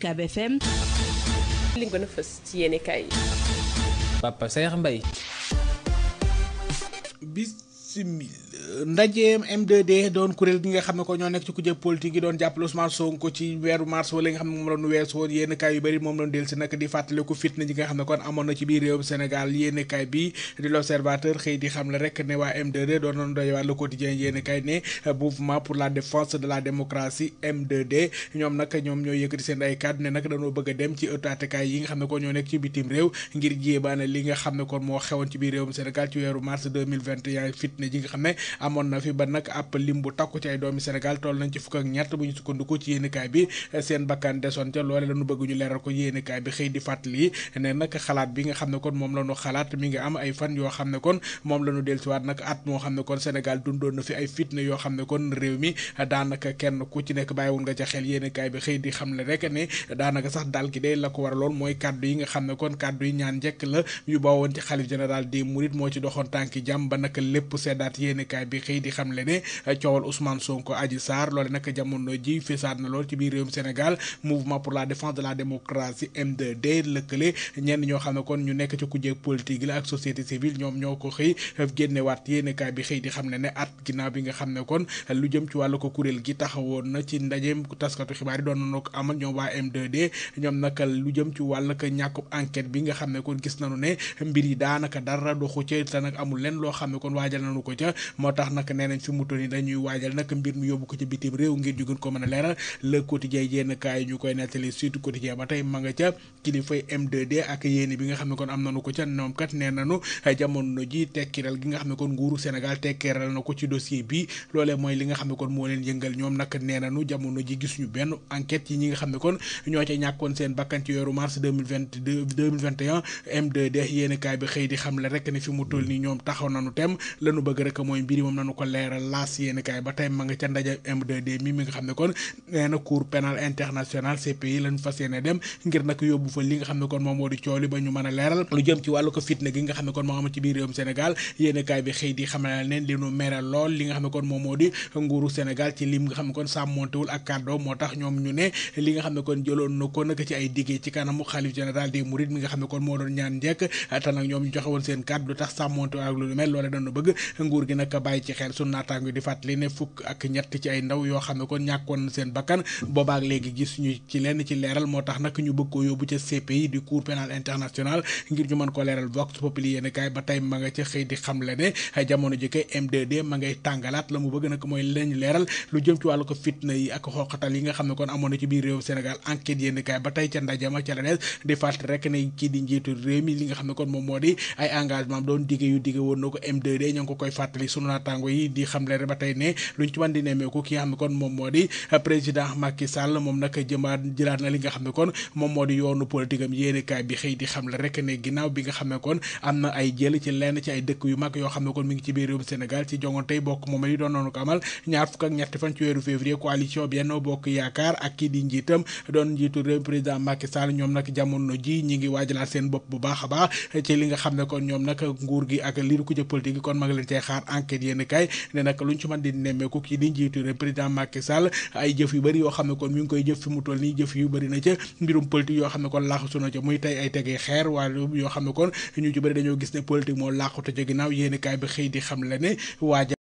UCAB FM li gën a ndajeem M2D doon kuréel gi nga xam ne ko ñoo nekk ci kujje politique yi doon jàppale Ousmane Sonko ci weeru mars wala nga xam ne moom moom doon dellu si nag di fàttaliku fitna ji nga xam ne kon amoon na ci biir réewum Sénégal yéen kaay xëy di xam le rek ne waa d doon doon doy waar le quotidien yéen kaay la défense de la démocratie M2D ñoom nag ñoom ñoo yëkkati seen ay kàddu ne nag dañoo bëgg a dem nga xam ne ko ñoo nekk ci bitim réew ngir jéebaane li nga xam ne kon moo xewoon ci biir réewum Sénégal ci weeru mars 2021 fitna ji nga xam amoon na fi ba nag ab lim bu takku ci ay doomi Sénégal toll nañ ci fukk ak ñett bu ñu sukkandiku ci yéenekaay bi seen bakkan desoon ca loole lañu nu bëgguñu leeral ko yéenekaay bi xëy di fàttali ne nag xalaat bi nga xam ne kon moom la ñu xalaat mi ngi am ay fan yoo xam ne kon moom la ñu dellusiwaat nag at moo xam ne kon Sénégal dundoon na fi ay fitna yoo xam ne kon réew mi daanaka kenn ku ci nekk bàyyiwul nga ca xel yéenekaay bi xëy di xam ne rek ne daanaka sax dal ki day la ko war lool mooy kàddu yi nga xam ne kon kàddu yi ñaan njëkk la yu bawoon ci xalif général des mourides moo ci doxoon tànki jàmm ba nag lépp seddaat yéenekaay yéenekaay bi xëy di xamle ne eh, coowal Ousmane Sonko Adji Sarr loole nag jamono ji fesaat na lool ci biir réewum Sénégal mouvement pour la défense de la démocratie m 2 lëkkale ñenn ñoo xam ne kon ñu nekk ci kujje politique la ak société civile ñoom ñoo ko xëy génnewaat yéenekaay bi xëy di xam ne ne at ginnaaw bi nga xam ne kon lu jëm ci wàllu ko kuréel gi taxawoon na ci ndajeem taskatu xibaar yi doon na ko amal ñoom waa m ñoom nag lu jëm ci wàll ko ñàkkub bi nga xam ne kon gis ne mbir yi daanaka dara moo tax nag nee nañ fi mu toll nii dañuy waajal nag mbir mi yóbbu ko ci bitim réew ngir ñu gën ko mën a leeral le quotidien yenn kaay ñu koy nga bi xam ne kon am nañu ko ca ñoom kat nee nañu jamono ji tekkiral gi nga xam ne kon nguuru Sénégal tekkiral na ko ci dossier bi mooy li nga xam ne kon moo leen yëngal ñoom nag nee nañu jamono ji gisuñu benn enquête yi ñi nga xam ne kon ñoo ca ñàkkoon seen bakkan ci weeru mars 2022 2021 M2D yéen kaay bi xëy di xam la rek ne fi mu toll nii ñoom taxaw nañu tem lañu bëgg rek mooy mbir yi moom nañu ko leeral laas yéeni kaay ba tey ma nga ca ndaje M2D mi mi nga xam ne kon nee na cour pénal international CPI lañu fas yéene li nga xam ne kon moom moo a leeral lu jëm ci wàllu ko fitna gi nga xam ne na ko nag ci ay diggee ci kanamu xalif général des mourides moo doon ñaan njekk te nag ñoom ñu joxe woon seen kàddu lu tax sàmmontewul ak lu mel loolee dañu bëgg nguur gi nag bàyyi ci xel sunu naataango yi di fàttali ne fukk ak ñett ci ay ndaw yoo xam ne kon ñàkkoon seen bakkan boobaak léegi gis ñu ci lenn ci leeral moo tax nag ñu bëgg koo yóbbu ca CPI di cour pénal international ngir ñu mën ko leeral Vox Populi yéen kaay ba tey ma nga ca xëy di xam le ne jamono ji kay ma ngay tàngalaat la mu bëgg nag mooy leeral lu jëm ci wàllu ko fitna yi ak xooqatal yi nga xam ne kon amoon na ci biir réew Sénégal enquête yéen ba tey ca la des di fàttali rek ne kii di njiitu réew mi li nga xam ne M2D ñoo ko koy fàttali sunu naataango yi di xamle rek ba tey ne luñ ci mën di nemmeeku ki nga xam ne kon moom moo di président Macky moom nag jamono ji ñi ngi waajalaat seen bopp bu baax a ci li nga xam ne kon ñoom nag nguur gi ak li ko jë politique kon ma leen cee xaar enquête yéen kaay ne nag luñ ci mën di nemmeeku kii di njiitu réew président Macky Sall ay jëf yu bëri yoo xam ne kon koy jëf fi mu toll nii jëf yu bëri na ca mbirum politique yoo xam kon laaxu suna ca muy tey ay tegee xeer waaye yoo xam ne ñu ci bëri dañoo gis ne politique moo laaxuta ca ginnaaw yéen kaay bi xëy di xam la ne waaja